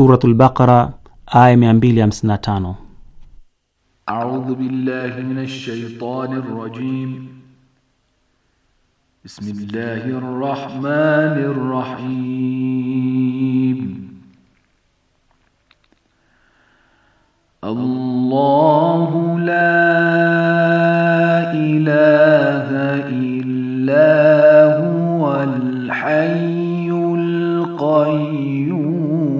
Suratul Baqara aya tano. A'udhu billahi minash shaitanir rajim. Bismillahir rahmanir rahim. Allahu la ilaha illa هو الحي qayyum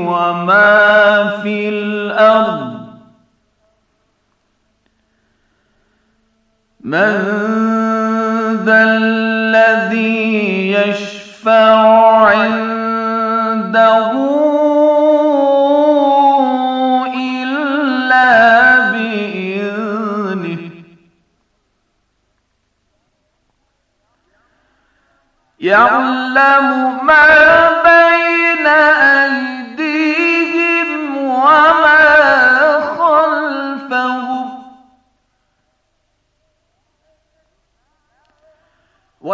في الأرض من ذا الذي يشفع عنده إلا بإذنه يعلم ما بين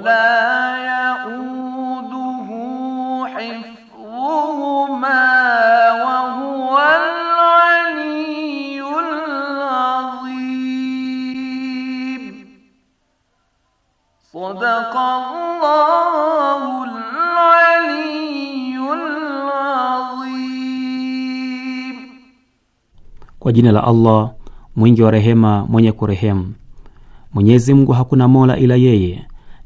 wala yauduhu hifdhuhuma wa aliyyul azim. aliyyul azim. Kwa jina la Allah mwingi wa rehema mwenye kurehemu. Mwenyezi Mungu hakuna mola ila yeye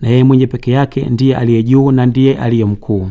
na yeye mwenye peke yake ndiye aliye juu na ndiye aliye mkuu.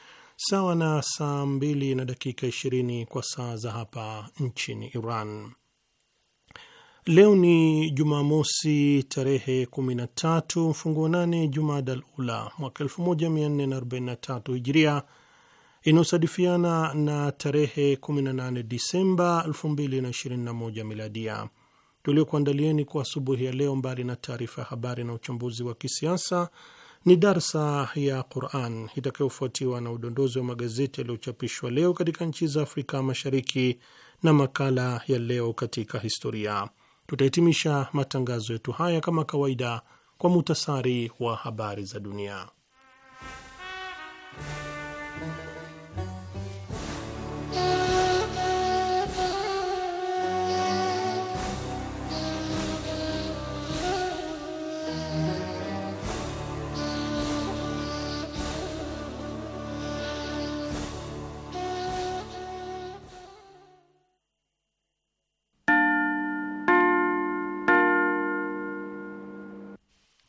sawa na saa mbili na dakika ishirini kwa saa za hapa nchini Iran. Leo ni Jumamosi tarehe tatu mfunguo nane Jumadal Ula mwaka tatu Hijiria inayosadifiana na tarehe 18 Disemba 2021 Miladia. Tuliokuandalieni kwa asubuhi ya leo, mbali na taarifa ya habari na uchambuzi wa kisiasa ni darsa ya Quran itakayofuatiwa na udondozi wa magazeti yaliyochapishwa leo katika nchi za Afrika Mashariki na makala ya leo katika historia. Tutahitimisha matangazo yetu haya kama kawaida kwa muhtasari wa habari za dunia.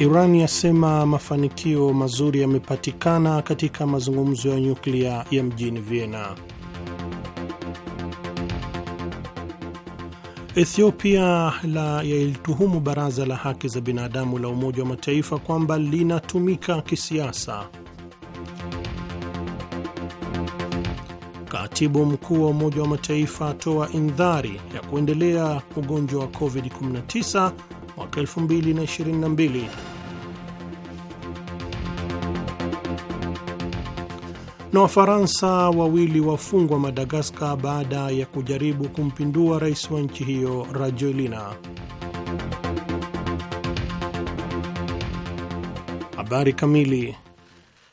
Iran yasema mafanikio mazuri yamepatikana katika mazungumzo ya nyuklia ya mjini Vienna. Ethiopia la yailituhumu baraza la haki za binadamu la Umoja wa Mataifa kwamba linatumika kisiasa. Katibu mkuu wa Umoja wa Mataifa atoa indhari ya kuendelea ugonjwa wa COVID-19 mwaka 2022. na Wafaransa wawili wafungwa Madagaskar baada ya kujaribu kumpindua rais wa nchi hiyo Rajoelina. Habari kamili.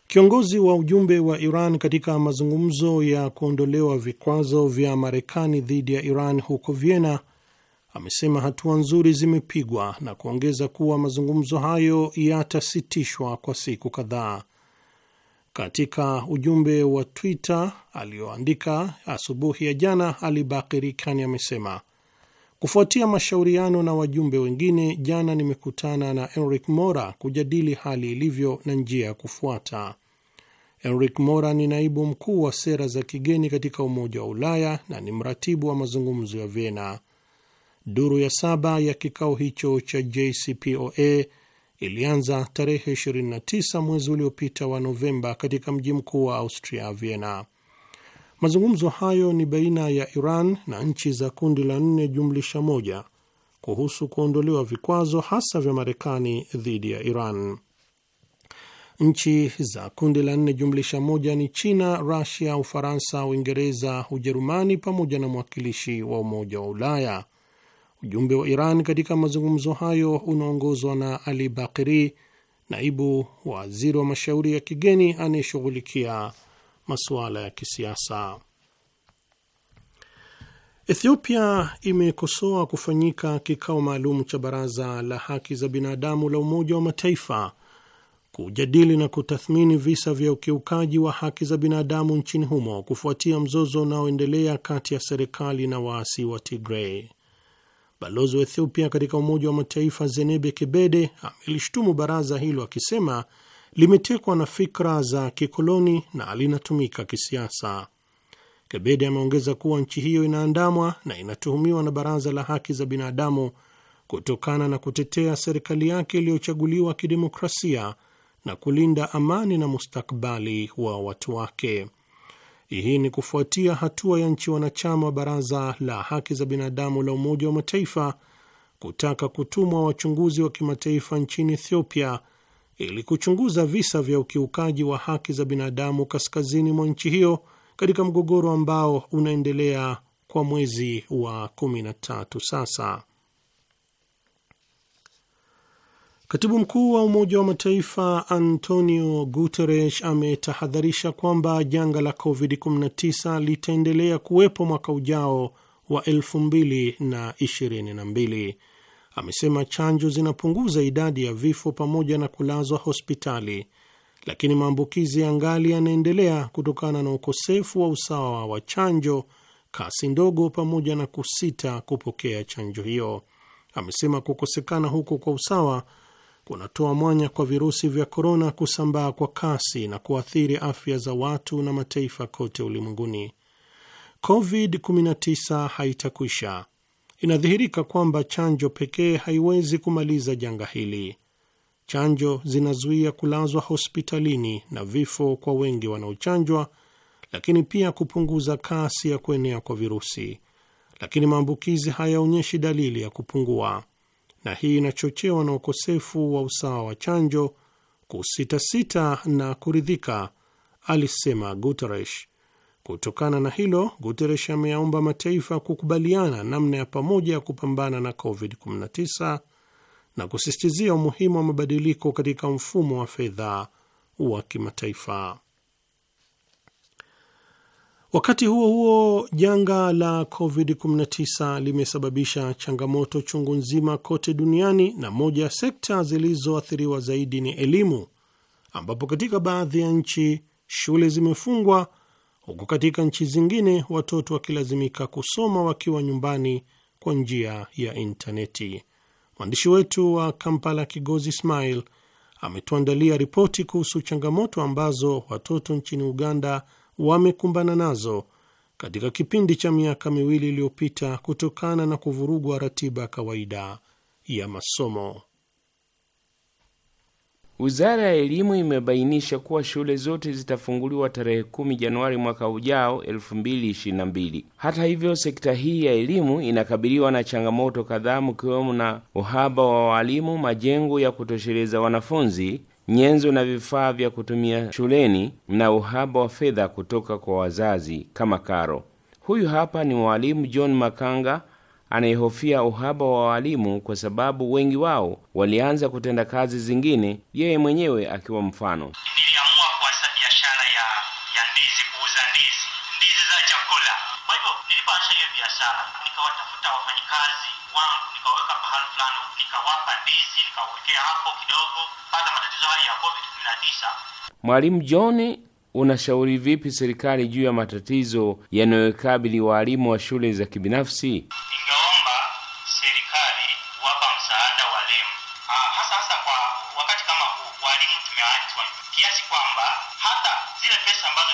Kiongozi wa ujumbe wa Iran katika mazungumzo ya kuondolewa vikwazo vya Marekani dhidi ya Iran huko Vienna amesema hatua nzuri zimepigwa na kuongeza kuwa mazungumzo hayo yatasitishwa kwa siku kadhaa. Katika ujumbe wa Twitter aliyoandika asubuhi ya jana, Ali Bakiri Kani amesema kufuatia mashauriano na wajumbe wengine, jana nimekutana na Enric Mora kujadili hali ilivyo na njia ya kufuata. Enric Mora ni naibu mkuu wa sera za kigeni katika Umoja wa Ulaya na ni mratibu wa mazungumzo ya Vienna. Duru ya saba ya kikao hicho cha JCPOA ilianza tarehe 29 mwezi uliopita wa Novemba katika mji mkuu wa Austria, Vienna. Mazungumzo hayo ni baina ya Iran na nchi za kundi la nne jumlisha moja kuhusu kuondolewa vikwazo hasa vya Marekani dhidi ya Iran. Nchi za kundi la nne jumlisha moja ni China, Rusia, Ufaransa, Uingereza, Ujerumani pamoja na mwakilishi wa Umoja wa Ulaya. Ujumbe wa Iran katika mazungumzo hayo unaongozwa na Ali Bakiri, naibu waziri wa mashauri ya kigeni anayeshughulikia masuala ya kisiasa. Ethiopia imekosoa kufanyika kikao maalum cha Baraza la Haki za Binadamu la Umoja wa Mataifa kujadili na kutathmini visa vya ukiukaji wa haki za binadamu nchini humo kufuatia mzozo unaoendelea kati ya serikali na waasi wa Tigrei. Balozi wa Ethiopia katika Umoja wa Mataifa Zenebe Kebede amelishtumu baraza hilo akisema limetekwa na fikra za kikoloni na linatumika kisiasa. Kebede ameongeza kuwa nchi hiyo inaandamwa na inatuhumiwa na Baraza la Haki za Binadamu kutokana na kutetea serikali yake iliyochaguliwa kidemokrasia na kulinda amani na mustakbali wa watu wake. Hii ni kufuatia hatua ya nchi wanachama wa Baraza la Haki za Binadamu la Umoja wa Mataifa kutaka kutumwa wachunguzi wa kimataifa nchini Ethiopia ili kuchunguza visa vya ukiukaji wa haki za binadamu kaskazini mwa nchi hiyo katika mgogoro ambao unaendelea kwa mwezi wa 13 sasa. Katibu mkuu wa Umoja wa Mataifa Antonio Guterres ametahadharisha kwamba janga la COVID-19 litaendelea kuwepo mwaka ujao wa 2022. Amesema chanjo zinapunguza idadi ya vifo pamoja na kulazwa hospitali, lakini maambukizi ya ngali yanaendelea kutokana na ukosefu wa usawa wa chanjo, kasi ndogo, pamoja na kusita kupokea chanjo hiyo. Amesema kukosekana huko kwa usawa kunatoa mwanya kwa virusi vya korona kusambaa kwa kasi na kuathiri afya za watu na mataifa kote ulimwenguni. COVID-19 haitakwisha. Inadhihirika kwamba chanjo pekee haiwezi kumaliza janga hili. Chanjo zinazuia kulazwa hospitalini na vifo kwa wengi wanaochanjwa, lakini pia kupunguza kasi ya kuenea kwa virusi, lakini maambukizi hayaonyeshi dalili ya kupungua na hii inachochewa na ukosefu wa usawa wa chanjo, kusitasita na kuridhika, alisema Guterres. Kutokana na hilo, Guterres ameyaomba mataifa kukubaliana namna ya pamoja ya kupambana na COVID-19 na kusisitizia umuhimu wa mabadiliko katika mfumo wa fedha wa kimataifa. Wakati huo huo, janga la COVID-19 limesababisha changamoto chungu nzima kote duniani, na moja ya sekta zilizoathiriwa zaidi ni elimu, ambapo katika baadhi ya nchi shule zimefungwa, huku katika nchi zingine watoto wakilazimika kusoma wakiwa nyumbani kwa njia ya intaneti. Mwandishi wetu wa Kampala, Kigozi Ismail, ametuandalia ripoti kuhusu changamoto ambazo watoto nchini Uganda wamekumbana nazo katika kipindi cha miaka miwili iliyopita kutokana na kuvurugwa ratiba ya kawaida ya masomo. Wizara ya Elimu imebainisha kuwa shule zote zitafunguliwa tarehe 10 Januari mwaka ujao 2022. Hata hivyo, sekta hii ya elimu inakabiliwa na changamoto kadhaa, mkiwemo na uhaba wa walimu, majengo ya kutosheleza wanafunzi nyenzo na vifaa vya kutumia shuleni na uhaba wa fedha kutoka kwa wazazi kama karo. Huyu hapa ni mwalimu John Makanga anayehofia uhaba wa walimu kwa sababu wengi wao walianza kutenda kazi zingine, yeye mwenyewe akiwa mfano kupata matatizo haya ya COVID-19. Mwalimu John, unashauri vipi serikali juu ya matatizo yanayokabili walimu wa shule za kibinafsi? Ningeomba serikali kuwapa msaada walimu, ah, hasa hasa kwa wakati kama huu walimu tumeachwa kiasi kwamba hata zile pesa ambazo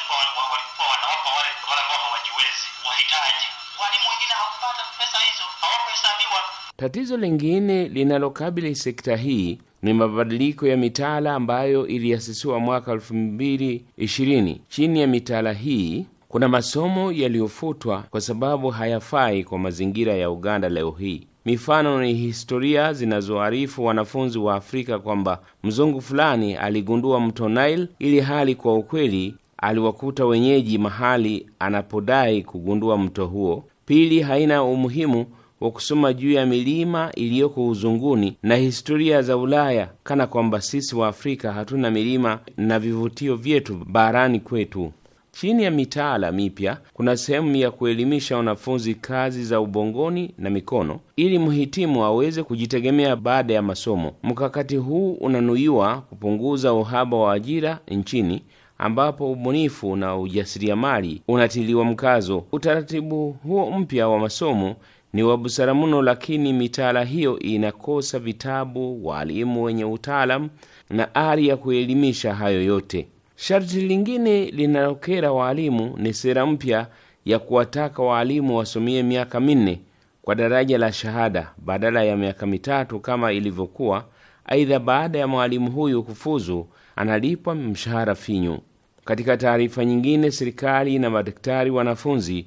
walikuwa wanawapa wale ambao hawajiwezi wahitaji walimu wengine hawakupata pesa hizo, hawakuhesabiwa. Tatizo lingine linalokabili sekta hii ni mabadiliko ya mitaala ambayo iliasisiwa mwaka 2020. Chini ya mitaala hii kuna masomo yaliyofutwa kwa sababu hayafai kwa mazingira ya Uganda leo hii. Mifano ni historia zinazoarifu wanafunzi wa Afrika kwamba mzungu fulani aligundua mto Nile, ili hali kwa ukweli aliwakuta wenyeji mahali anapodai kugundua mto huo. Pili, haina umuhimu wa kusoma juu ya milima iliyoko uzunguni na historia za Ulaya, kana kwamba sisi wa Afrika hatuna milima na vivutio vyetu barani kwetu. Chini ya mitaala mipya kuna sehemu ya kuelimisha wanafunzi kazi za ubongoni na mikono ili mhitimu aweze kujitegemea baada ya masomo. Mkakati huu unanuiwa kupunguza uhaba wa ajira nchini ambapo ubunifu na ujasiriamali unatiliwa mkazo. Utaratibu huo mpya wa masomo ni wa busara mno, lakini mitaala hiyo inakosa vitabu, waalimu wenye utaalamu na ari ya kuelimisha hayo yote. Sharti lingine linalokera waalimu ni sera mpya ya kuwataka waalimu wasomie miaka minne kwa daraja la shahada badala ya miaka mitatu kama ilivyokuwa. Aidha, baada ya mwalimu huyu kufuzu analipwa mshahara finyu. Katika taarifa nyingine, serikali na madaktari wanafunzi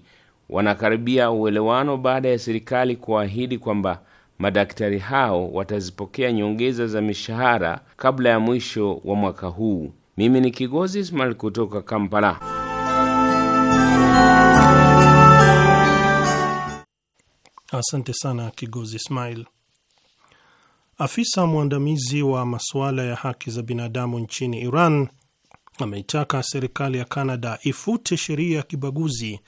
wanakaribia uelewano baada ya serikali kuahidi kwamba madaktari hao watazipokea nyongeza za mishahara kabla ya mwisho wa mwaka huu. Mimi ni Kigozi Ismail kutoka Kampala. Asante sana Kigozi Ismail. Afisa mwandamizi wa masuala ya haki za binadamu nchini Iran ameitaka serikali ya Kanada ifute sheria ya kibaguzi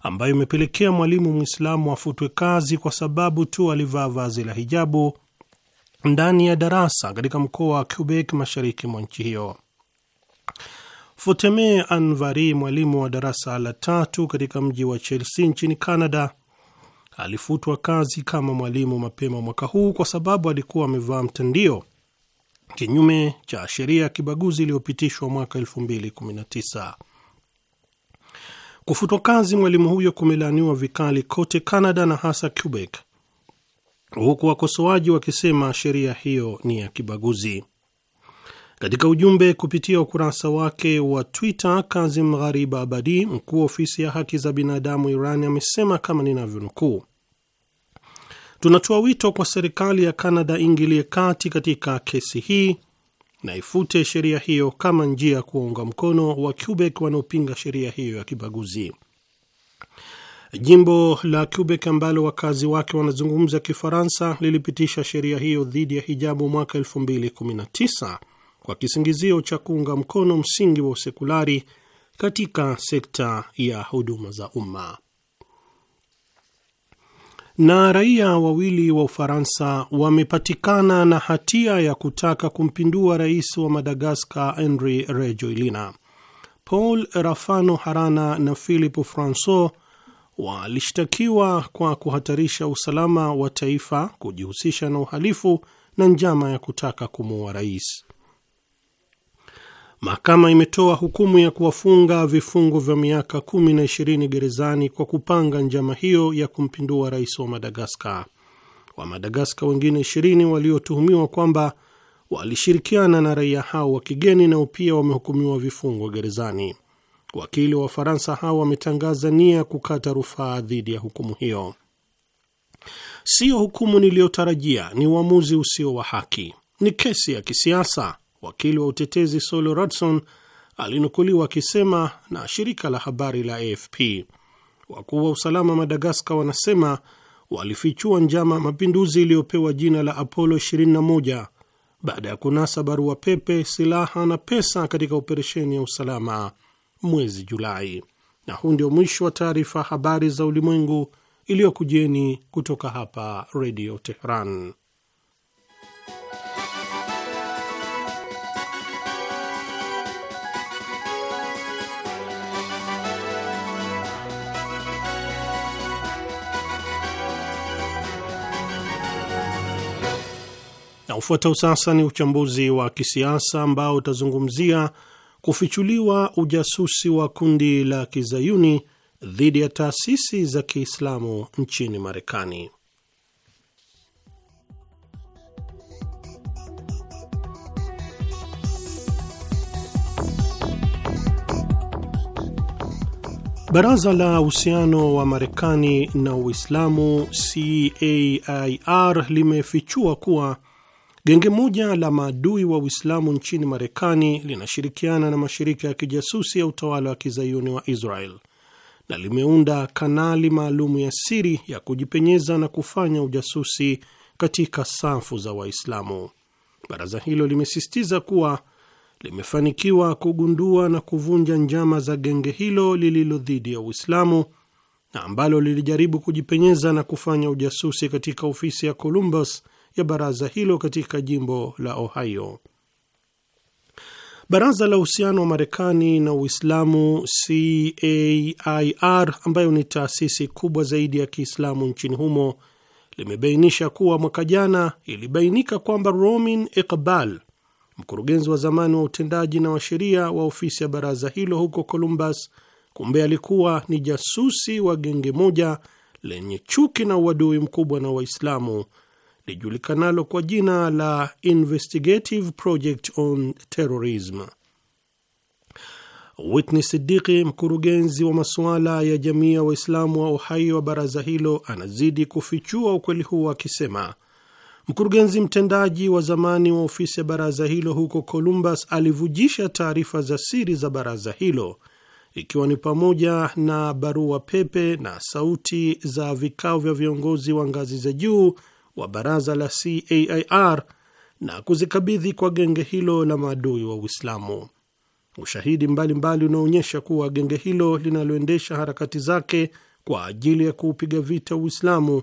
ambayo imepelekea mwalimu Mwislamu afutwe kazi kwa sababu tu alivaa vazi la hijabu ndani ya darasa katika mkoa wa Quebec mashariki mwa nchi hiyo. Foteme Anvari, mwalimu wa darasa la tatu katika mji wa Chelsea nchini Canada, alifutwa kazi kama mwalimu mapema mwaka huu kwa sababu alikuwa amevaa mtandio kinyume cha sheria ya kibaguzi iliyopitishwa mwaka 2019. Kufutwa kazi mwalimu huyo kumelaaniwa vikali kote Canada na hasa Quebec, huku wakosoaji wakisema sheria hiyo ni ya kibaguzi. Katika ujumbe kupitia ukurasa wake wa Twitter, Kazim Gharib Abadi, mkuu wa ofisi ya haki za binadamu Iran, amesema kama ninavyonukuu: tunatoa wito kwa serikali ya canada ingilie kati katika kesi hii na ifute sheria hiyo kama njia ya kuwaunga mkono wa Quebec wanaopinga sheria hiyo ya kibaguzi. Jimbo la Quebec ambalo wakazi wake wanazungumza Kifaransa lilipitisha sheria hiyo dhidi ya hijabu mwaka 2019 kwa kisingizio cha kuunga mkono msingi wa usekulari katika sekta ya huduma za umma na raia wawili wa Ufaransa wamepatikana na hatia ya kutaka kumpindua rais wa Madagaskar Henry Rejoilina. Paul Rafano Harana na Philip Francois walishtakiwa kwa kuhatarisha usalama wa taifa, kujihusisha na uhalifu na njama ya kutaka kumuua rais. Mahakama imetoa hukumu ya kuwafunga vifungo vya miaka kumi na ishirini gerezani kwa kupanga njama hiyo ya kumpindua rais wa Madagaskar. Wa Madagaskar wengine ishirini waliotuhumiwa kwamba walishirikiana na raia hao wa kigeni nao pia wamehukumiwa vifungo gerezani. Wakili wa Wafaransa hao wametangaza nia ya kukata rufaa dhidi ya hukumu hiyo. Siyo hukumu niliyotarajia, ni uamuzi usio wa haki, ni kesi ya kisiasa wakili wa utetezi Solo Rodson alinukuliwa akisema na shirika la habari la AFP, wakuu wa usalama Madagaskar wanasema walifichua njama mapinduzi iliyopewa jina la Apollo 21 baada ya kunasa barua pepe, silaha na pesa katika operesheni ya usalama mwezi Julai. Na huu ndio mwisho wa taarifa habari za ulimwengu iliyokujeni kutoka hapa Redio Teheran. Ufuatao sasa ni uchambuzi wa kisiasa ambao utazungumzia kufichuliwa ujasusi wa kundi la kizayuni dhidi ya taasisi za Kiislamu nchini Marekani. Baraza la uhusiano wa Marekani na Uislamu CAIR limefichua kuwa Genge moja la maadui wa Uislamu nchini Marekani linashirikiana na mashirika ya kijasusi ya utawala wa kizayuni wa Israel na limeunda kanali maalumu ya siri ya kujipenyeza na kufanya ujasusi katika safu za Waislamu. Baraza hilo limesisitiza kuwa limefanikiwa kugundua na kuvunja njama za genge hilo lililo dhidi ya Uislamu na ambalo lilijaribu kujipenyeza na kufanya ujasusi katika ofisi ya Columbus ya baraza hilo katika jimbo la Ohio. Baraza la uhusiano wa Marekani na Uislamu CAIR, ambayo ni taasisi kubwa zaidi ya Kiislamu nchini humo, limebainisha kuwa mwaka jana ilibainika kwamba Romin Iqbal, mkurugenzi wa zamani wa utendaji na wa sheria wa ofisi ya baraza hilo huko Columbus, kumbe alikuwa ni jasusi wa genge moja lenye chuki na uadui mkubwa na Waislamu lijulikanalo kwa jina la Investigative Project on Terrorism. Whitney Siddiqi, mkurugenzi wa masuala ya jamii ya Waislamu wa uhai wa baraza hilo, anazidi kufichua ukweli huu akisema mkurugenzi mtendaji wa zamani wa ofisi ya baraza hilo huko Columbus alivujisha taarifa za siri za baraza hilo ikiwa ni pamoja na barua pepe na sauti za vikao vya viongozi wa ngazi za juu wa baraza la CAIR na kuzikabidhi kwa genge hilo la maadui wa Uislamu. Ushahidi mbalimbali unaonyesha kuwa genge hilo linaloendesha harakati zake kwa ajili ya kuupiga vita Uislamu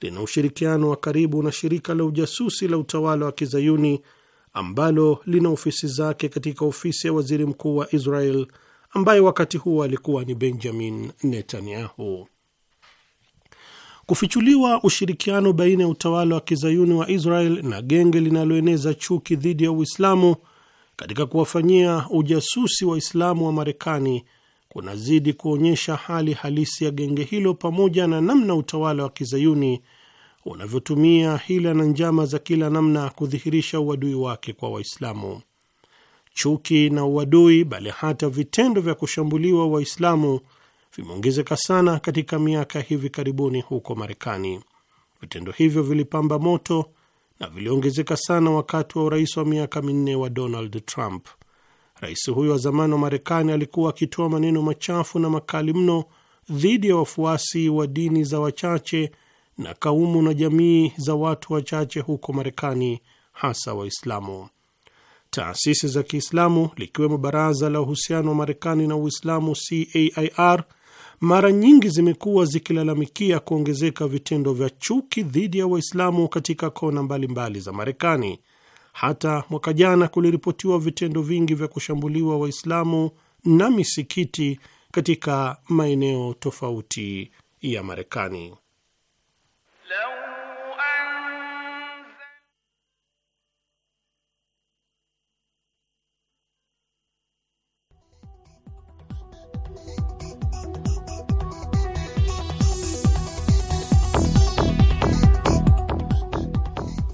lina ushirikiano wa karibu na shirika la ujasusi la utawala wa kizayuni ambalo lina ofisi zake katika ofisi ya waziri mkuu wa Israel ambaye wakati huo alikuwa ni Benjamin Netanyahu. Kufichuliwa ushirikiano baina ya utawala wa kizayuni wa Israel na genge linaloeneza chuki dhidi ya Uislamu katika kuwafanyia ujasusi Waislamu wa Marekani kunazidi kuonyesha hali halisi ya genge hilo pamoja na namna utawala wa kizayuni unavyotumia hila na njama za kila namna kudhihirisha uadui wake kwa Waislamu. Chuki na uadui, bali hata vitendo vya kushambuliwa Waislamu vimeongezeka sana katika miaka hivi karibuni huko Marekani. Vitendo hivyo vilipamba moto na viliongezeka sana wakati wa urais wa miaka minne wa Donald Trump. Rais huyo wa zamani wa Marekani alikuwa akitoa maneno machafu na makali mno dhidi ya wafuasi wa dini za wachache na kaumu na jamii za watu wachache huko Marekani, hasa Waislamu. Taasisi za Kiislamu likiwemo Baraza la Uhusiano wa Marekani na Uislamu, CAIR, mara nyingi zimekuwa zikilalamikia kuongezeka vitendo vya chuki dhidi ya Waislamu katika kona mbalimbali mbali za Marekani. Hata mwaka jana kuliripotiwa vitendo vingi vya kushambuliwa Waislamu na misikiti katika maeneo tofauti ya Marekani.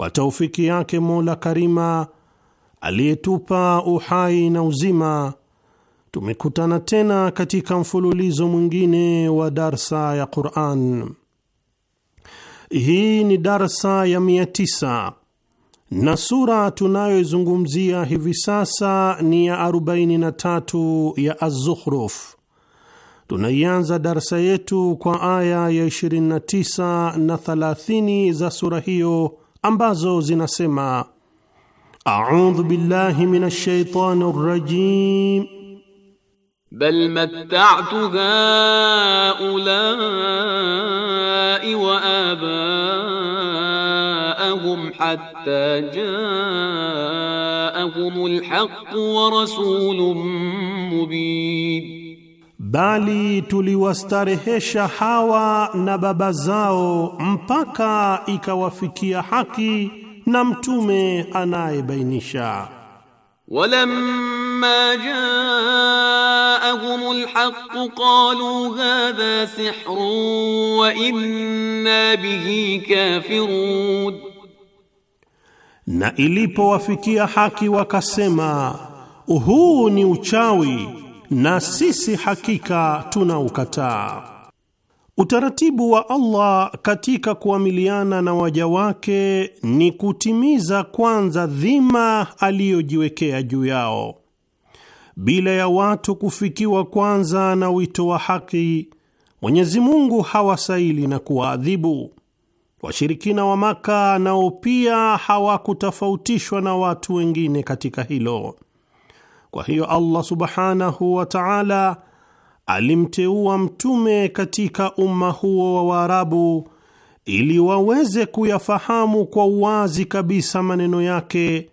kwa taufiki yake Mola Karima aliyetupa uhai na uzima, tumekutana tena katika mfululizo mwingine wa darsa ya Quran. Hii ni darsa ya mia tisa na sura tunayoizungumzia hivi sasa ni ya 43 ya Az-Zukhruf. Tunaianza darsa yetu kwa aya ya 29 na 30 za sura hiyo ambazo zinasema a'udhu billahi minash shaitanir rajim bal matta'tu ha'ula'i wa aba'ahum hatta ja'ahumul haqq wa rasulun mubin bali tuliwastarehesha hawa na baba zao mpaka ikawafikia haki na mtume anayebainisha. walamma jaahum alhaq qalu hadha sihrun wa inna bihi kafirun, na ilipowafikia haki wakasema huu ni uchawi na sisi hakika tunaukataa. Utaratibu wa Allah katika kuamiliana na waja wake ni kutimiza kwanza dhima aliyojiwekea juu yao. Bila ya watu kufikiwa kwanza na wito wa haki, Mwenyezi Mungu hawasaili na kuwaadhibu. Washirikina wa Maka nao pia hawakutafautishwa na watu wengine katika hilo. Kwa hiyo Allah subhanahu wa ta'ala alimteua mtume katika umma huo wa Waarabu ili waweze kuyafahamu kwa uwazi kabisa maneno yake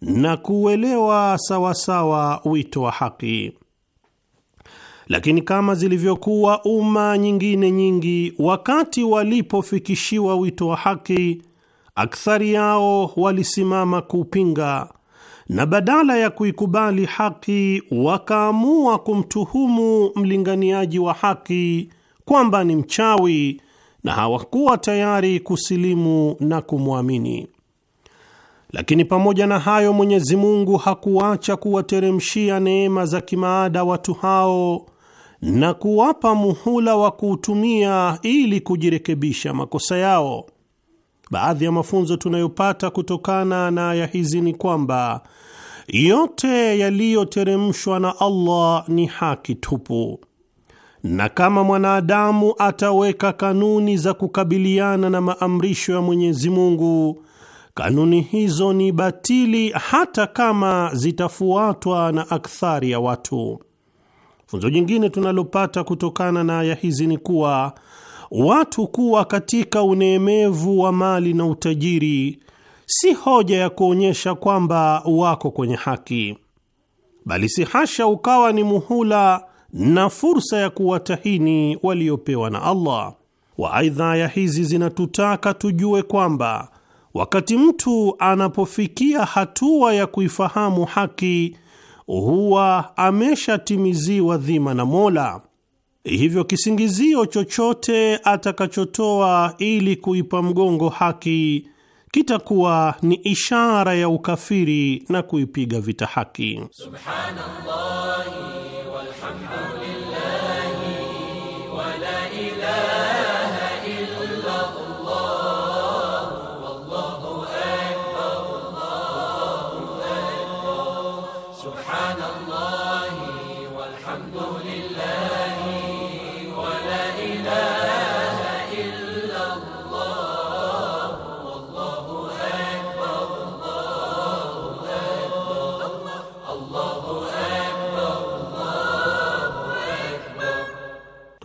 na kuelewa sawasawa wito wa haki. Lakini kama zilivyokuwa umma nyingine nyingi, wakati walipofikishiwa wito wa haki, akthari yao walisimama kuupinga na badala ya kuikubali haki wakaamua kumtuhumu mlinganiaji wa haki kwamba ni mchawi na hawakuwa tayari kusilimu na kumwamini. Lakini pamoja na hayo, Mwenyezi Mungu hakuacha kuwateremshia neema za kimaada watu hao na kuwapa muhula wa kuutumia ili kujirekebisha makosa yao. Baadhi ya mafunzo tunayopata kutokana na aya hizi ni kwamba yote yaliyoteremshwa na Allah ni haki tupu, na kama mwanadamu ataweka kanuni za kukabiliana na maamrisho ya Mwenyezi Mungu, kanuni hizo ni batili hata kama zitafuatwa na akthari ya watu. Funzo jingine tunalopata kutokana na aya hizi ni kuwa watu kuwa katika uneemevu wa mali na utajiri si hoja ya kuonyesha kwamba wako kwenye haki, bali si hasha, ukawa ni muhula na fursa ya kuwatahini waliopewa na Allah. Waaidha, ya hizi zinatutaka tujue kwamba wakati mtu anapofikia hatua ya kuifahamu haki huwa ameshatimiziwa dhima na Mola. Hivyo kisingizio chochote atakachotoa ili kuipa mgongo haki kitakuwa ni ishara ya ukafiri na kuipiga vita haki. Subhanallah.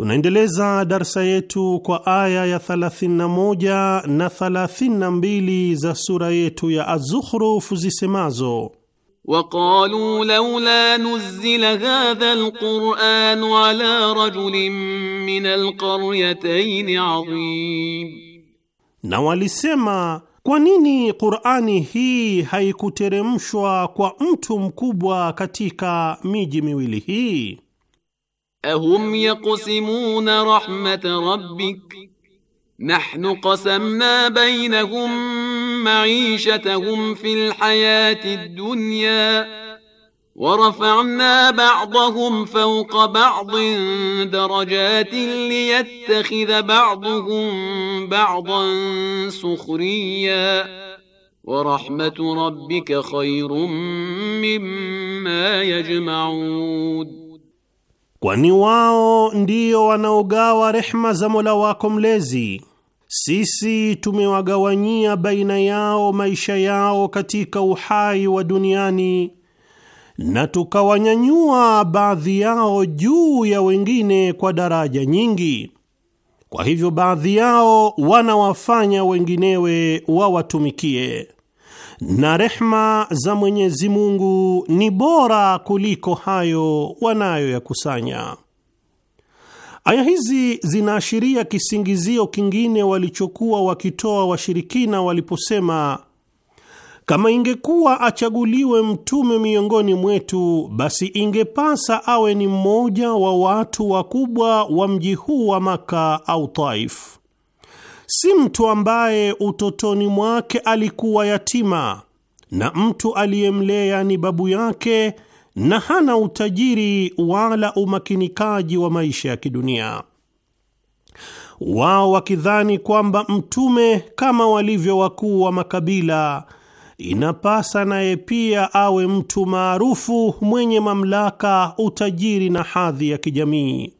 Tunaendeleza darsa yetu kwa aya ya 31 na 32 za sura yetu ya Az-Zukhruf zisemazo: waqalu laula nuzila hadha alquran ala rajulin min alqaryatayn azim, na walisema kwa nini Qur'ani hii haikuteremshwa kwa mtu mkubwa katika miji miwili hii أهم يقسمون رحمة ربك نحن قسمنا بينهم معيشتهم في الحياة الدنيا ورفعنا بعضهم فوق بعض درجات ليتخذ بعضهم بعضا سخريا ورحمة ربك خير مما يجمعون kwani wao ndio wanaogawa rehma za Mola wako Mlezi. Sisi tumewagawanyia baina yao maisha yao katika uhai wa duniani na tukawanyanyua baadhi yao juu ya wengine kwa daraja nyingi. Kwa hivyo baadhi yao wanawafanya wenginewe wawatumikie na rehma za Mwenyezi Mungu ni bora kuliko hayo wanayoyakusanya. Aya hizi zinaashiria kisingizio kingine walichokuwa wakitoa washirikina waliposema, kama ingekuwa achaguliwe mtume miongoni mwetu, basi ingepasa awe ni mmoja wa watu wakubwa wa mji huu wa Maka au Taifu si mtu ambaye utotoni mwake alikuwa yatima na mtu aliyemlea ni babu yake na hana utajiri wala umakinikaji wa maisha ya kidunia. Wao wakidhani kwamba mtume kama walivyo wakuu wa makabila inapasa naye pia awe mtu maarufu mwenye mamlaka, utajiri na hadhi ya kijamii,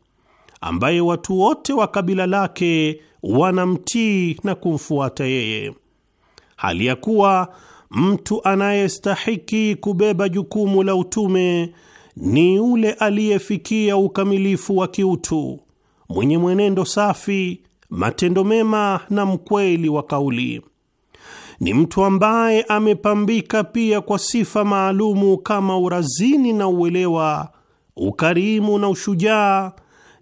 ambaye watu wote wa kabila lake wanamtii na kumfuata yeye, hali ya kuwa mtu anayestahiki kubeba jukumu la utume ni yule aliyefikia ukamilifu wa kiutu, mwenye mwenendo safi, matendo mema na mkweli wa kauli. Ni mtu ambaye amepambika pia kwa sifa maalumu kama urazini na uelewa, ukarimu na ushujaa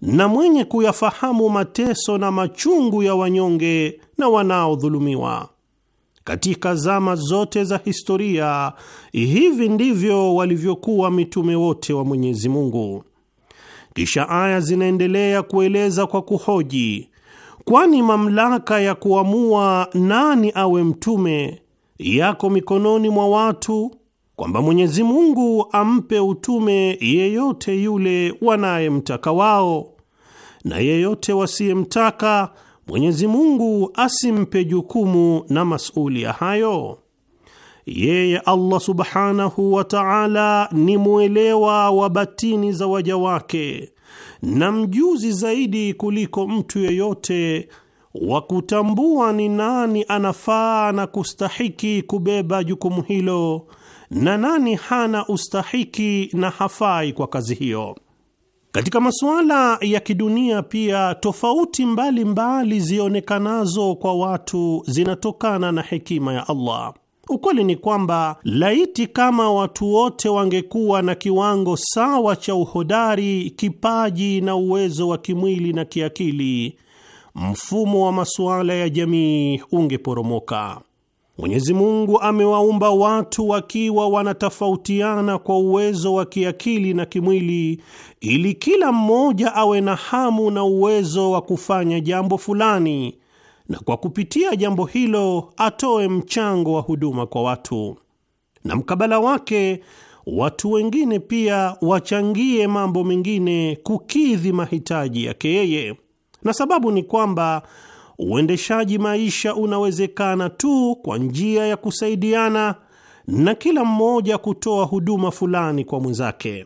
na mwenye kuyafahamu mateso na machungu ya wanyonge na wanaodhulumiwa katika zama zote za historia. Hivi ndivyo walivyokuwa mitume wote wa Mwenyezi Mungu. Kisha aya zinaendelea kueleza kwa kuhoji, kwani mamlaka ya kuamua nani awe mtume yako mikononi mwa watu, kwamba Mwenyezi Mungu ampe utume yeyote yule wanayemtaka wao na yeyote wasiyemtaka Mwenyezi Mungu asimpe jukumu na ya hayo. Yeye Allah subhanahu wa ta'ala ni mwelewa wa batini za waja wake na mjuzi zaidi kuliko mtu yeyote wa kutambua ni nani anafaa na kustahiki kubeba jukumu hilo na nani hana ustahiki na hafai kwa kazi hiyo. Katika masuala ya kidunia pia, tofauti mbalimbali zionekanazo kwa watu zinatokana na hekima ya Allah. Ukweli ni kwamba laiti kama watu wote wangekuwa na kiwango sawa cha uhodari, kipaji na uwezo wa kimwili na kiakili, mfumo wa masuala ya jamii ungeporomoka. Mwenyezi Mungu amewaumba watu wakiwa wanatofautiana kwa uwezo wa kiakili na kimwili, ili kila mmoja awe na hamu na uwezo wa kufanya jambo fulani, na kwa kupitia jambo hilo atoe mchango wa huduma kwa watu, na mkabala wake watu wengine pia wachangie mambo mengine kukidhi mahitaji yake yeye, na sababu ni kwamba uendeshaji maisha unawezekana tu kwa njia ya kusaidiana na kila mmoja kutoa huduma fulani kwa mwenzake.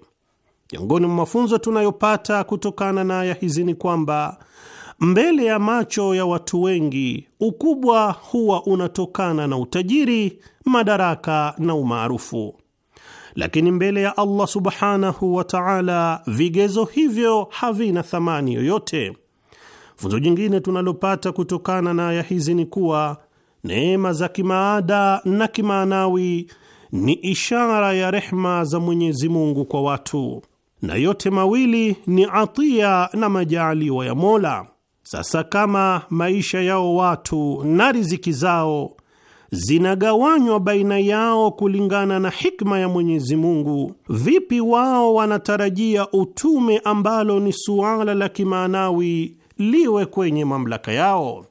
Miongoni mwa mafunzo tunayopata kutokana na aya hizi ni kwamba mbele ya macho ya watu wengi ukubwa huwa unatokana na utajiri, madaraka na umaarufu, lakini mbele ya Allah subhanahu wa ta'ala vigezo hivyo havina thamani yoyote. Funzo jingine tunalopata kutokana na aya hizi ni kuwa neema za kimaada na kimaanawi ni ishara ya rehma za Mwenyezi Mungu kwa watu, na yote mawili ni atia na majaaliwa ya Mola. Sasa kama maisha yao watu na riziki zao zinagawanywa baina yao kulingana na hikma ya Mwenyezi Mungu, vipi wao wanatarajia utume ambalo ni suala la kimaanawi liwe kwenye mamlaka yao.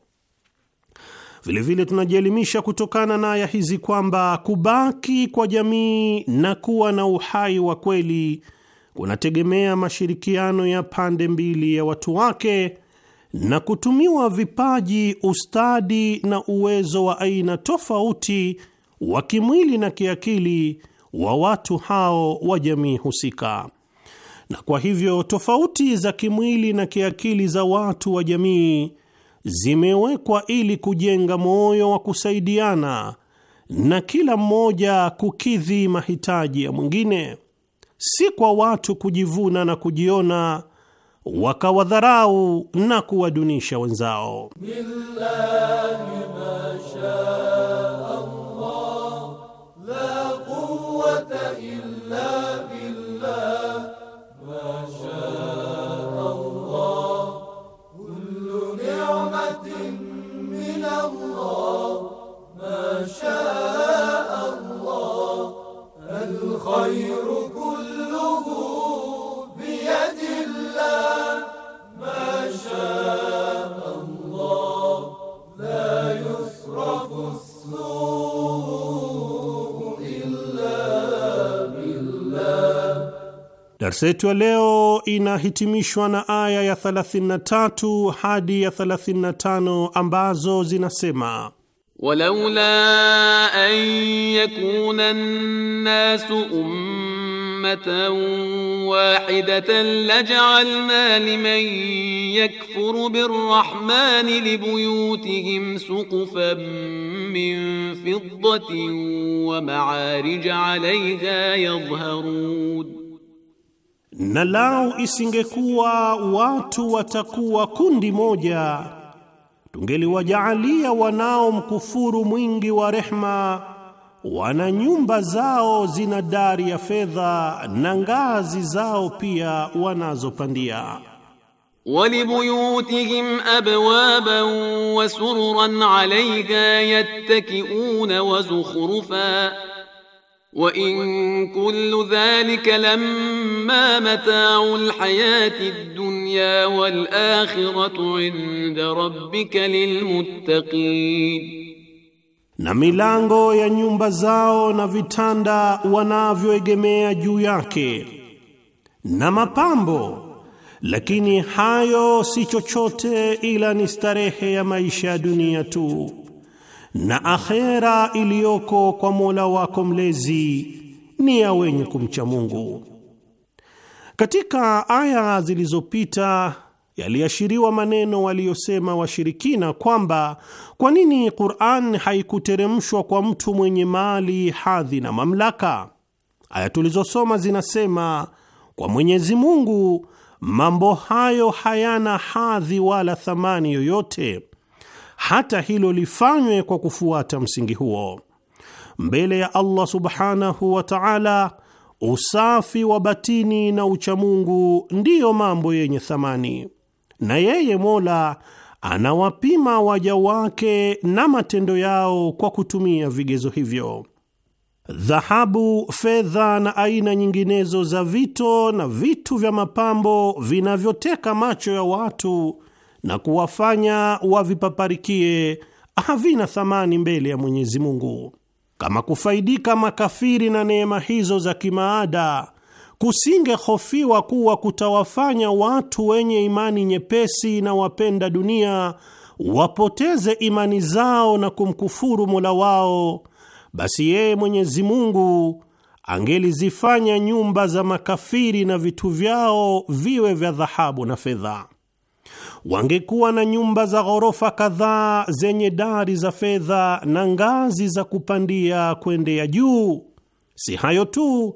Vilevile tunajielimisha kutokana na aya hizi kwamba kubaki kwa jamii na kuwa na uhai wa kweli kunategemea mashirikiano ya pande mbili ya watu wake na kutumiwa vipaji, ustadi na uwezo wa aina tofauti wa kimwili na kiakili wa watu hao wa jamii husika na kwa hivyo tofauti za kimwili na kiakili za watu wa jamii zimewekwa ili kujenga moyo wa kusaidiana na kila mmoja kukidhi mahitaji ya mwingine, si kwa watu kujivuna na kujiona wakawadharau na kuwadunisha wenzao Billahi شاء الله الخير كله بيد الله ما شاء الله لا يسرف السوء إلا بالله ليو درسيتو leo inahitimishwa na aya ya 33 ثلاثين ya أمبازو ambazo zinasema ولولا ان يكون الناس امه واحده لجعلنا لمن يكفر بالرحمن لبيوتهم سقفا من فضه ومعارج عليها يظهرون na lao isingekuwa watu watakuwa kundi moja tungeliwajaalia wanaomkufuru mwingi wa rehma wana nyumba zao zina dari ya fedha na ngazi zao pia wanazopandia. walibuyutihim abwaban wa sururan alayha yattakiuna wa zukhrufa wa in kullu dhalika lam ثم متاع الحياة الدنيا والآخرة عند ربك للمتقين na milango ya nyumba zao na vitanda wanavyoegemea juu yake na mapambo, lakini hayo si chochote ila ni starehe ya maisha ya dunia tu, na akhera iliyoko kwa Mola wako mlezi ni ya wenye kumcha Mungu. Katika aya zilizopita yaliashiriwa maneno waliyosema washirikina kwamba kwa nini Qur'an haikuteremshwa kwa mtu mwenye mali, hadhi na mamlaka. Aya tulizosoma zinasema kwa Mwenyezi Mungu mambo hayo hayana hadhi wala thamani yoyote, hata hilo lifanywe kwa kufuata msingi huo mbele ya Allah subhanahu wa ta'ala usafi wa batini na uchamungu ndiyo mambo yenye thamani, na yeye Mola anawapima waja wake na matendo yao kwa kutumia vigezo hivyo. Dhahabu, fedha na aina nyinginezo za vito na vitu vya mapambo vinavyoteka macho ya watu na kuwafanya wavipaparikie havina thamani mbele ya Mwenyezi Mungu. Kama kufaidika makafiri na neema hizo za kimaada kusingehofiwa kuwa kutawafanya watu wenye imani nyepesi na wapenda dunia wapoteze imani zao na kumkufuru Mola wao, basi yeye Mwenyezi Mungu angelizifanya nyumba za makafiri na vitu vyao viwe vya dhahabu na fedha wangekuwa na nyumba za ghorofa kadhaa zenye dari za fedha na ngazi za kupandia kwendea juu. Si hayo tu,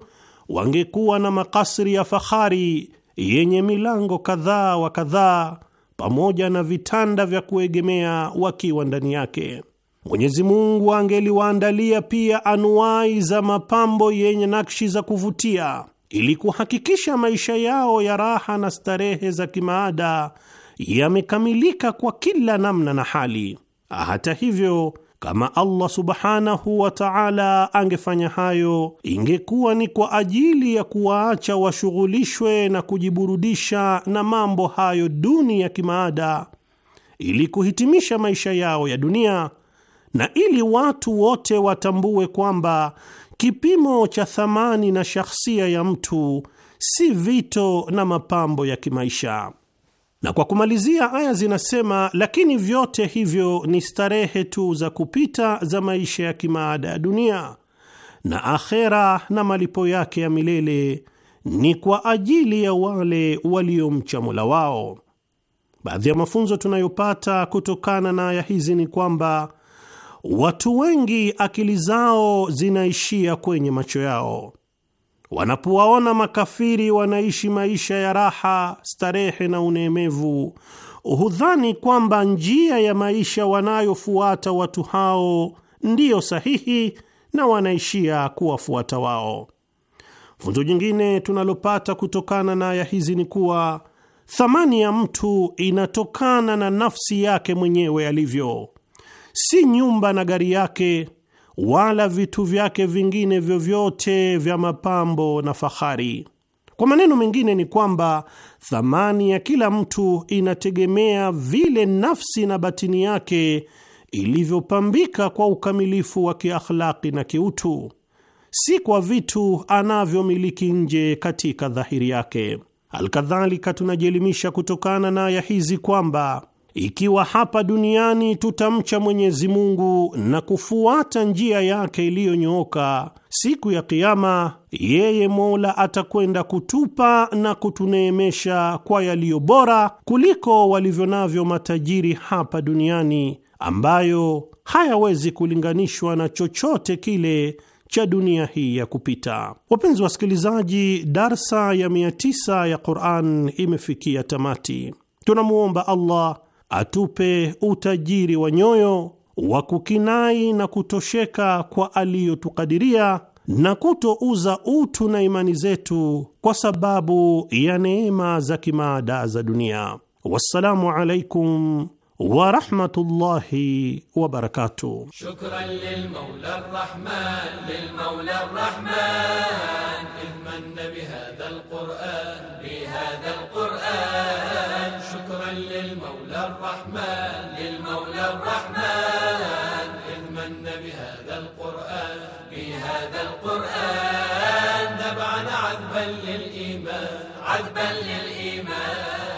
wangekuwa na makasri ya fahari yenye milango kadhaa wa kadhaa pamoja na vitanda vya kuegemea wakiwa ndani yake. Mwenyezi Mungu angeliwaandalia pia anuwai za mapambo yenye nakshi za kuvutia ili kuhakikisha maisha yao ya raha na starehe za kimaada yamekamilika kwa kila namna na hali. Ah, hata hivyo, kama Allah subhanahu wa ta'ala angefanya hayo, ingekuwa ni kwa ajili ya kuwaacha washughulishwe na kujiburudisha na mambo hayo duni ya kimaada, ili kuhitimisha maisha yao ya dunia na ili watu wote watambue kwamba kipimo cha thamani na shahsia ya mtu si vito na mapambo ya kimaisha. Na kwa kumalizia, aya zinasema lakini vyote hivyo ni starehe tu za kupita za maisha ya kimaada ya dunia, na akhera na malipo yake ya milele ni kwa ajili ya wale waliomcha Mola wao. Baadhi ya mafunzo tunayopata kutokana na aya hizi ni kwamba watu wengi akili zao zinaishia kwenye macho yao Wanapowaona makafiri wanaishi maisha ya raha, starehe na uneemevu, hudhani kwamba njia ya maisha wanayofuata watu hao ndiyo sahihi na wanaishia kuwafuata wao. Funzo jingine tunalopata kutokana na aya hizi ni kuwa thamani ya mtu inatokana na nafsi yake mwenyewe alivyo, si nyumba na gari yake wala vitu vyake vingine vyovyote vya mapambo na fahari. Kwa maneno mengine ni kwamba thamani ya kila mtu inategemea vile nafsi na batini yake ilivyopambika kwa ukamilifu wa kiakhlaki na kiutu, si kwa vitu anavyomiliki nje katika dhahiri yake. Alkadhalika, tunajielimisha kutokana na aya hizi kwamba ikiwa hapa duniani tutamcha Mwenyezi Mungu na kufuata njia yake iliyonyooka, siku ya Kiama yeye Mola atakwenda kutupa na kutuneemesha kwa yaliyo bora kuliko walivyo navyo matajiri hapa duniani, ambayo hayawezi kulinganishwa na chochote kile cha dunia hii ya kupita. Wapenzi wasikilizaji, darsa ya 900 ya Quran imefikia tamati. Tunamwomba Allah atupe utajiri wa nyoyo wa kukinai na kutosheka kwa aliyotukadiria na kutouza utu na imani zetu kwa sababu ya neema za kimaada za dunia. Wassalamu alaikum ورحمة الله وبركاته شكرا للمولى الرحمن للمولى الرحمن إذ من بهذا القرآن بهذا القرآن شكرا للمولى الرحمن للمولى الرحمن إذ من بهذا القرآن بهذا القرآن نبعنا عذبا للإيمان عذبا للإيمان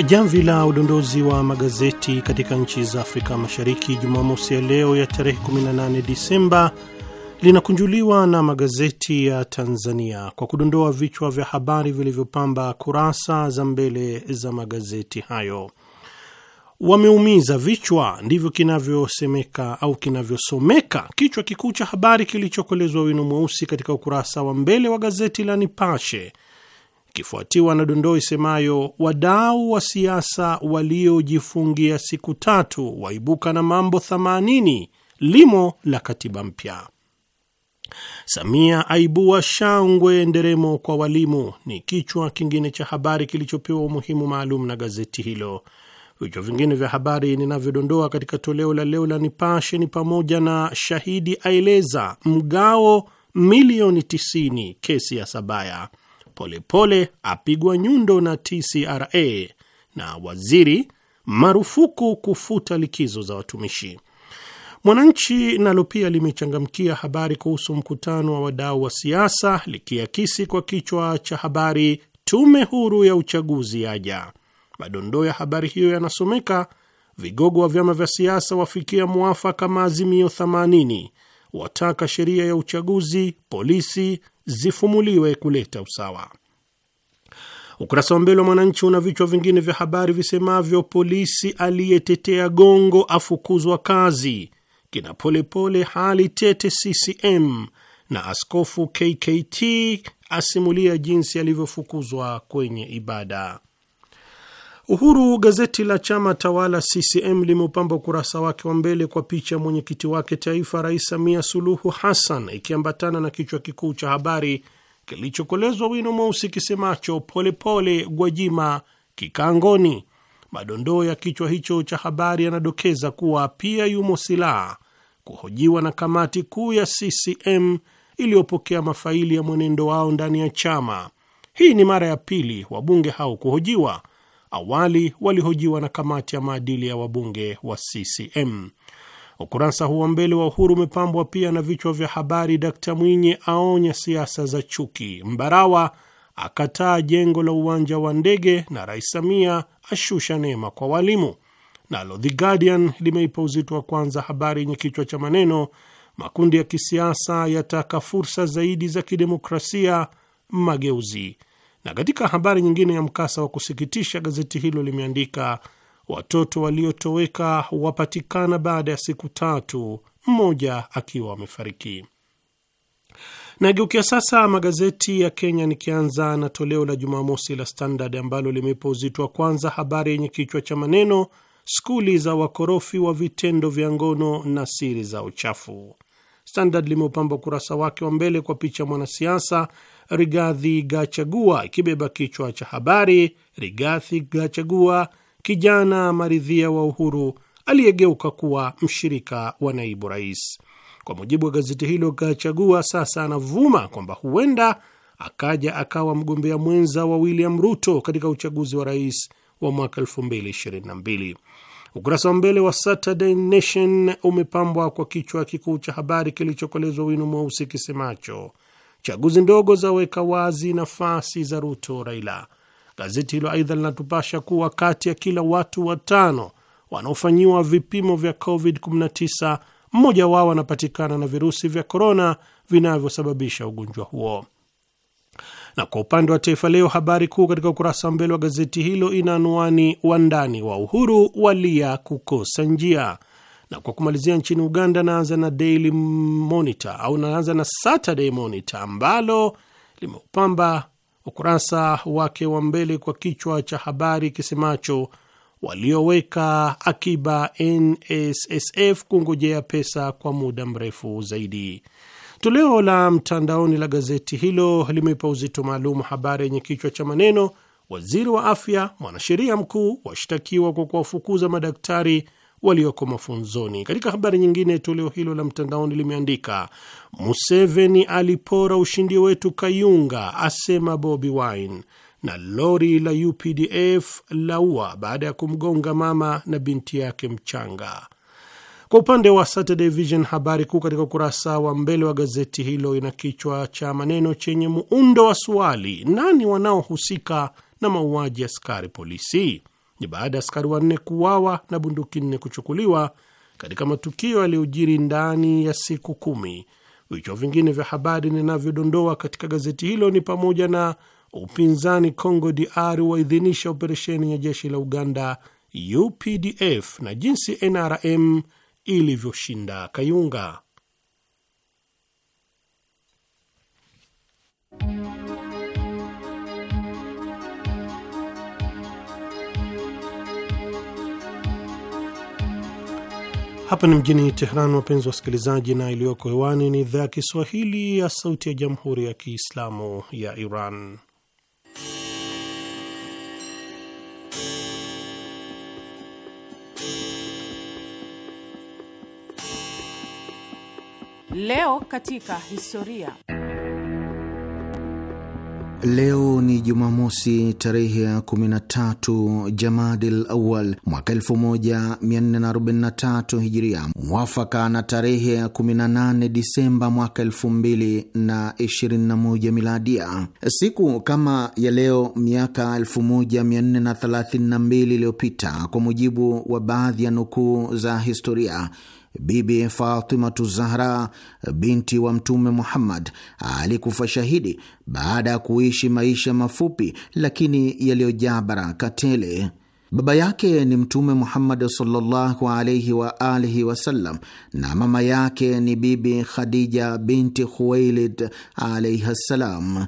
Jamvi la udondozi wa magazeti katika nchi za Afrika Mashariki Jumamosi ya leo ya tarehe 18 Disemba linakunjuliwa na magazeti ya Tanzania kwa kudondoa vichwa vya habari vilivyopamba kurasa za mbele za magazeti hayo. Wameumiza vichwa, ndivyo kinavyosemeka au kinavyosomeka kichwa kikuu cha habari kilichokolezwa wino mweusi katika ukurasa wa mbele wa gazeti la Nipashe ikifuatiwa na dondoo isemayo wadau wa siasa waliojifungia siku tatu waibuka na mambo 80 limo la katiba mpya. Samia aibua shangwe nderemo kwa walimu, ni kichwa kingine cha habari kilichopewa umuhimu maalum na gazeti hilo. Vichwa vingine vya habari ninavyodondoa katika toleo la leo la Nipashe ni pamoja na shahidi aeleza mgao milioni 90 kesi ya Sabaya polepole apigwa nyundo na TCRA na waziri marufuku kufuta likizo za watumishi. Mwananchi nalo pia limechangamkia habari kuhusu mkutano wa wadau wa siasa likiakisi kwa kichwa cha habari tume huru ya uchaguzi yaja. Madondoo ya habari hiyo yanasomeka: vigogo wa vyama vya siasa wafikia mwafaka maazimio 80, wataka sheria ya uchaguzi, polisi, zifumuliwe kuleta usawa. Ukurasa wa mbele wa Mwananchi una vichwa vingine vya habari visemavyo: polisi aliyetetea gongo afukuzwa kazi, kina Polepole hali tete CCM, na askofu KKT asimulia jinsi alivyofukuzwa kwenye ibada. Uhuru, gazeti la chama tawala CCM, limeupamba ukurasa wake wa mbele kwa picha mwenyekiti wake taifa, Rais Samia Suluhu Hassan, ikiambatana na kichwa kikuu cha habari kilichokolezwa wino mweusi kisemacho polepole Gwajima kikangoni. Madondoo ya kichwa hicho cha habari yanadokeza kuwa pia yumo silaha kuhojiwa na kamati kuu ya CCM iliyopokea mafaili ya mwenendo wao ndani ya chama. Hii ni mara ya pili wabunge hao kuhojiwa awali walihojiwa na kamati ya maadili ya wabunge wa CCM. Ukurasa huo mbele wa Uhuru umepambwa pia na vichwa vya habari: Dkt Mwinyi aonya siasa za chuki, Mbarawa akataa jengo la uwanja wa ndege, na Rais Samia ashusha neema kwa walimu. Nalo The Guardian limeipa uzito wa kwanza habari yenye kichwa cha maneno makundi ya kisiasa yataka fursa zaidi za kidemokrasia mageuzi na katika habari nyingine ya mkasa wa kusikitisha, gazeti hilo limeandika watoto waliotoweka wapatikana baada ya siku tatu, mmoja akiwa amefariki. Nageukia sasa magazeti ya Kenya, nikianza na toleo la Jumamosi la Standard ambalo limepa uzito wa kwanza habari yenye kichwa cha maneno skuli za wakorofi wa vitendo vya ngono na siri za uchafu. Standard limeupamba ukurasa wake wa mbele kwa picha ya mwanasiasa Rigathi Gachagua ikibeba kichwa cha habari, Rigathi Gachagua kijana maridhia wa Uhuru aliyegeuka kuwa mshirika wa naibu rais. Kwa mujibu wa gazeti hilo, Gachagua sasa anavuma kwamba huenda akaja akawa mgombea mwenza wa William Ruto katika uchaguzi wa rais wa mwaka 2022. Ukurasa wa mbele wa Saturday Nation umepambwa kwa kichwa kikuu cha habari kilichokolezwa wino mweusi kisemacho chaguzi ndogo zaweka wazi nafasi za Ruto Raila. Gazeti hilo aidha linatupasha kuwa kati ya kila watu watano wanaofanyiwa vipimo vya COVID-19 mmoja wao anapatikana na virusi vya korona vinavyosababisha ugonjwa huo. Na kwa upande wa Taifa Leo, habari kuu katika ukurasa wa mbele wa gazeti hilo ina anwani wandani wa Uhuru walia kukosa njia. Na kwa kumalizia nchini Uganda, naanza na Daily Monitor au naanza na Saturday Monitor ambalo limeupamba ukurasa wake wa mbele kwa kichwa cha habari kisemacho walioweka akiba NSSF kungojea pesa kwa muda mrefu zaidi. Toleo la mtandaoni la gazeti hilo limeipa uzito maalum habari yenye kichwa cha maneno, waziri wa afya, mwanasheria mkuu washtakiwa kwa kuwafukuza madaktari walioko mafunzoni. Katika habari nyingine, toleo hilo la mtandaoni limeandika Museveni alipora ushindi wetu Kayunga, asema Bobi Wine, na lori la UPDF laua baada ya kumgonga mama na binti yake mchanga. Kwa upande wa Saturday Vision, habari kuu katika ukurasa wa mbele wa gazeti hilo ina kichwa cha maneno chenye muundo wa swali, nani wanaohusika na mauaji ya askari polisi? Ni baada ya askari wanne kuuawa na bunduki nne kuchukuliwa katika matukio yaliyojiri ndani ya siku kumi. Vichwa vingine vya habari ninavyodondoa katika gazeti hilo ni pamoja na upinzani Congo DR waidhinisha operesheni ya jeshi la Uganda UPDF na jinsi NRM ilivyoshinda Kayunga. Hapa ni mjini teheran wapenzi wa wasikilizaji, na iliyoko hewani ni idhaa ya Kiswahili ya Sauti ya Jamhuri ya Kiislamu ya Iran. Leo katika historia. Leo ni Jumamosi tarehe ya 13 Jamadil Awal mwaka 1443 Hijiria, mwafaka na tarehe ya 18 Disemba mwaka 2021 Miladia. Siku kama ya leo miaka 1432 iliyopita, kwa mujibu wa baadhi ya nukuu za historia Bibi Fatimatu Zahra binti wa Mtume Muhammad alikufa shahidi baada ya kuishi maisha mafupi lakini yaliyojaa baraka tele. Baba yake ni Mtume Muhammad sallallahu alaihi wa alihi wasallam na mama yake ni Bibi Khadija binti Khuwailid alaihi ssalam.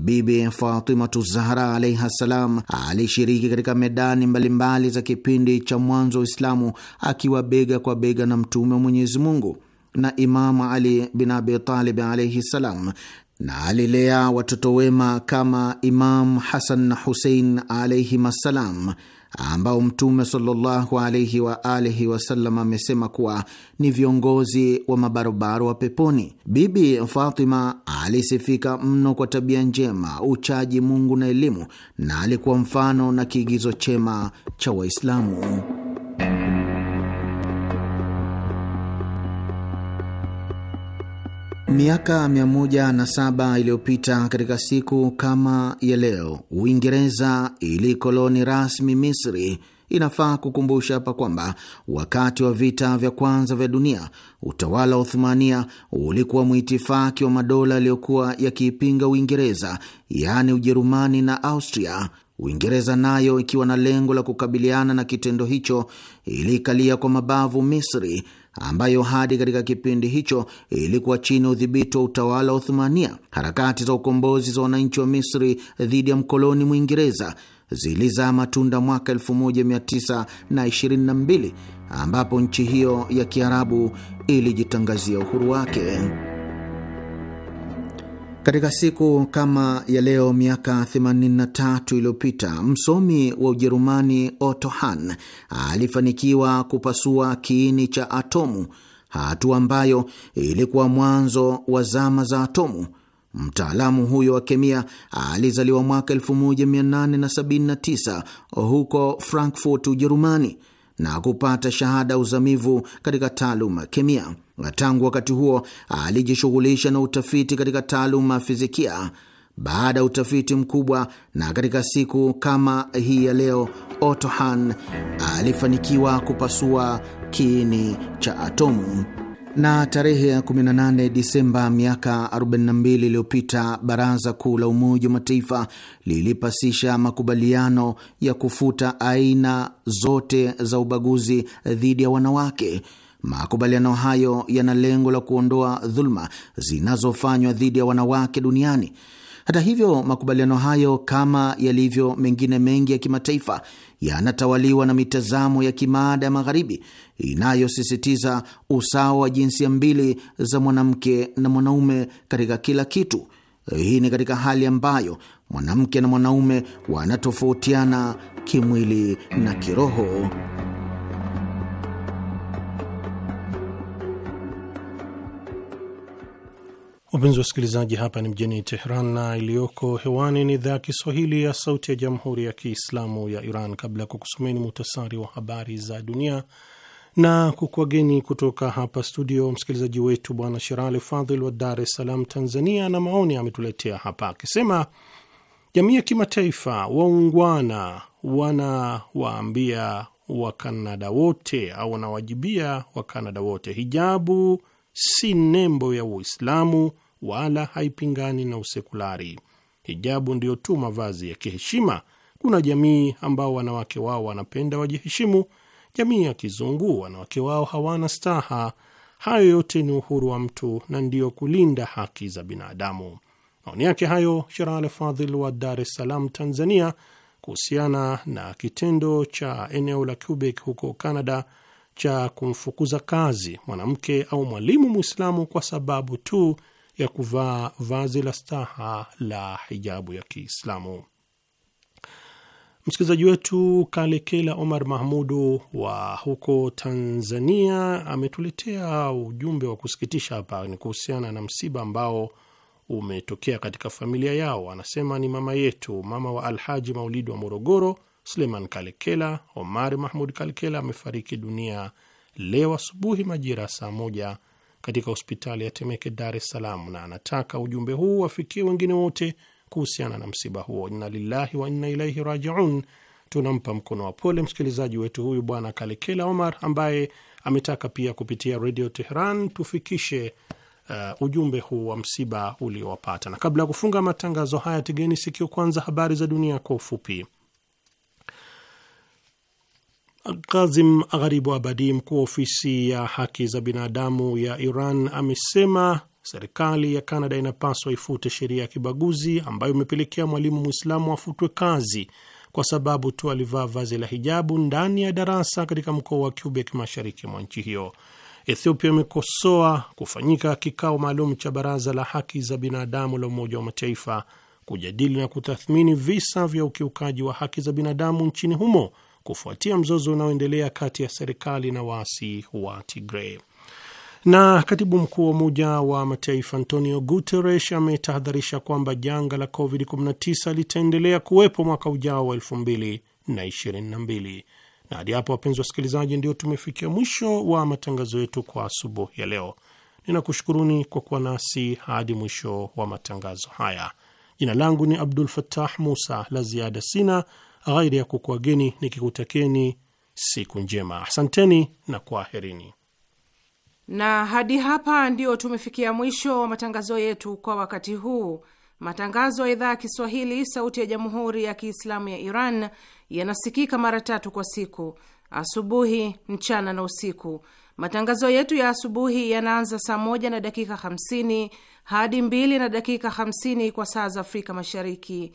Bibi Fatimatu Zahra alaihi ssalam alishiriki katika medani mbalimbali mbali za kipindi cha mwanzo wa Uislamu akiwa bega kwa bega na Mtume wa Mwenyezi Mungu na Imamu Ali bin Abitalib alaihi ssalam na alilea watoto wema kama Imam Hasan na Husein alaihim assalam ambao Mtume sallallahu alaihi wa alihi wasallam amesema kuwa ni viongozi wa mabarobaro wa peponi. Bibi Fatima alisifika mno kwa tabia njema, uchaji Mungu na elimu, na alikuwa mfano na kiigizo chema cha Waislamu. Miaka 107 iliyopita katika siku kama ya leo, Uingereza ilikoloni rasmi Misri. Inafaa kukumbusha hapa kwamba wakati wa vita vya kwanza vya dunia utawala wa Uthumania ulikuwa mwitifaki wa madola yaliyokuwa yakiipinga Uingereza, yaani Ujerumani na Austria. Uingereza nayo ikiwa na lengo la kukabiliana na kitendo hicho ilikalia kwa mabavu Misri ambayo hadi katika kipindi hicho ilikuwa chini ya udhibiti wa utawala wa Uthumania. Harakati za ukombozi za wananchi wa Misri dhidi ya mkoloni Mwingereza zilizaa matunda mwaka 1922 ambapo nchi hiyo ya Kiarabu ilijitangazia uhuru wake. Katika siku kama ya leo miaka 83 iliyopita msomi wa Ujerumani Otto Hahn alifanikiwa kupasua kiini cha atomu, hatua ambayo ilikuwa mwanzo wa zama za atomu. Mtaalamu huyo wa kemia alizaliwa mwaka 1879 huko Frankfurt, Ujerumani, na kupata shahada uzamivu katika taaluma kemia na tangu wakati huo alijishughulisha na utafiti katika taaluma fizikia. Baada ya utafiti mkubwa na katika siku kama hii ya leo, Otto Hahn alifanikiwa kupasua kiini cha atomu. Na tarehe ya 18 Disemba miaka 42 iliyopita, Baraza Kuu la Umoja wa Mataifa lilipasisha makubaliano ya kufuta aina zote za ubaguzi dhidi ya wanawake Makubaliano hayo yana lengo la kuondoa dhuluma zinazofanywa dhidi ya wanawake duniani. Hata hivyo, makubaliano hayo kama yalivyo mengine mengi ya kimataifa yanatawaliwa na mitazamo ya kimaada ya Magharibi inayosisitiza usawa wa jinsia mbili za mwanamke na mwanaume katika kila kitu. Hii ni katika hali ambayo mwanamke na mwanaume wanatofautiana kimwili na kiroho. Wapenzi wa wasikilizaji, hapa ni mjini Teheran na iliyoko hewani ni idhaa ya Kiswahili ya Sauti ya Jamhuri ya Kiislamu ya Iran. Kabla ya kukusomeni muhtasari wa habari za dunia na kukuageni kutoka hapa studio, msikilizaji wetu Bwana Sherale Fadhil wa Dar es Salaam, Tanzania, na maoni ametuletea hapa akisema, jamii ya kimataifa waungwana wanawaambia Wakanada wote au wanawajibia Wakanada wote hijabu si nembo ya Uislamu wala haipingani na usekulari. Hijabu ndiyo tu mavazi ya kiheshima. Kuna jamii ambao wanawake wao wanapenda wajiheshimu, jamii ya kizungu wanawake wao hawana staha. Hayo yote ni uhuru wa mtu na ndiyo kulinda haki za binadamu. Maoni yake hayo Sherale Fadhil wa Dar es Salaam, Tanzania, kuhusiana na kitendo cha eneo la Quebec huko Canada cha kumfukuza kazi mwanamke au mwalimu Mwislamu kwa sababu tu ya kuvaa vazi la staha la hijabu ya Kiislamu. Msikilizaji wetu Kalekela Omar Mahmudu wa huko Tanzania ametuletea ujumbe wa kusikitisha hapa, ni kuhusiana na msiba ambao umetokea katika familia yao. Anasema ni mama yetu, mama wa Alhaji Maulidi wa Morogoro Suleiman Kalekela Omar Mahmud Kalekela amefariki dunia leo asubuhi majira ya saa moja katika hospitali ya Temeke, Dar es Salaam, na anataka ujumbe huu wafikie wengine wote kuhusiana na msiba huo. Inna lillahi wa inna ilaihi rajiun. Tunampa mkono wa pole msikilizaji wetu huyu Bwana Kalekela Omar, ambaye ametaka pia kupitia Redio Teheran tufikishe uh, ujumbe huu wa msiba uliowapata. Na kabla ya kufunga matangazo haya, tegeni sikio kwanza habari za dunia kwa ufupi. Kazim Gharibu Abadi, mkuu wa ofisi ya haki za binadamu ya Iran, amesema serikali ya Kanada inapaswa ifute sheria ya kibaguzi ambayo imepelekea mwalimu Mwislamu afutwe kazi kwa sababu tu alivaa vazi la hijabu ndani ya darasa katika mkoa wa Quebec, mashariki mwa nchi hiyo. Ethiopia imekosoa kufanyika kikao maalum cha Baraza la Haki za Binadamu la Umoja wa Mataifa kujadili na kutathmini visa vya ukiukaji wa haki za binadamu nchini humo kufuatia mzozo unaoendelea kati ya serikali na waasi wa Tigray. Na katibu mkuu wa Umoja wa Mataifa Antonio Guterres ametahadharisha kwamba janga la COVID-19 litaendelea kuwepo mwaka ujao wa 2022 na hadi hapo, wapenzi wasikilizaji, ndio tumefikia mwisho wa matangazo yetu kwa asubuhi ya leo. Ninakushukuruni kwa kuwa nasi hadi mwisho wa matangazo haya. Jina langu ni Abdul fatah Musa. La ziada sina ghairi ya kukuageni nikikutakeni siku njema. Asanteni na kwaherini. Na hadi hapa ndiyo tumefikia mwisho wa matangazo yetu kwa wakati huu. Matangazo ya idhaa ya Kiswahili sauti ya jamhuri ya Kiislamu ya Iran yanasikika mara tatu kwa siku: asubuhi, mchana na usiku. Matangazo yetu ya asubuhi yanaanza saa moja na dakika hamsini hadi mbili na dakika hamsini kwa saa za Afrika Mashariki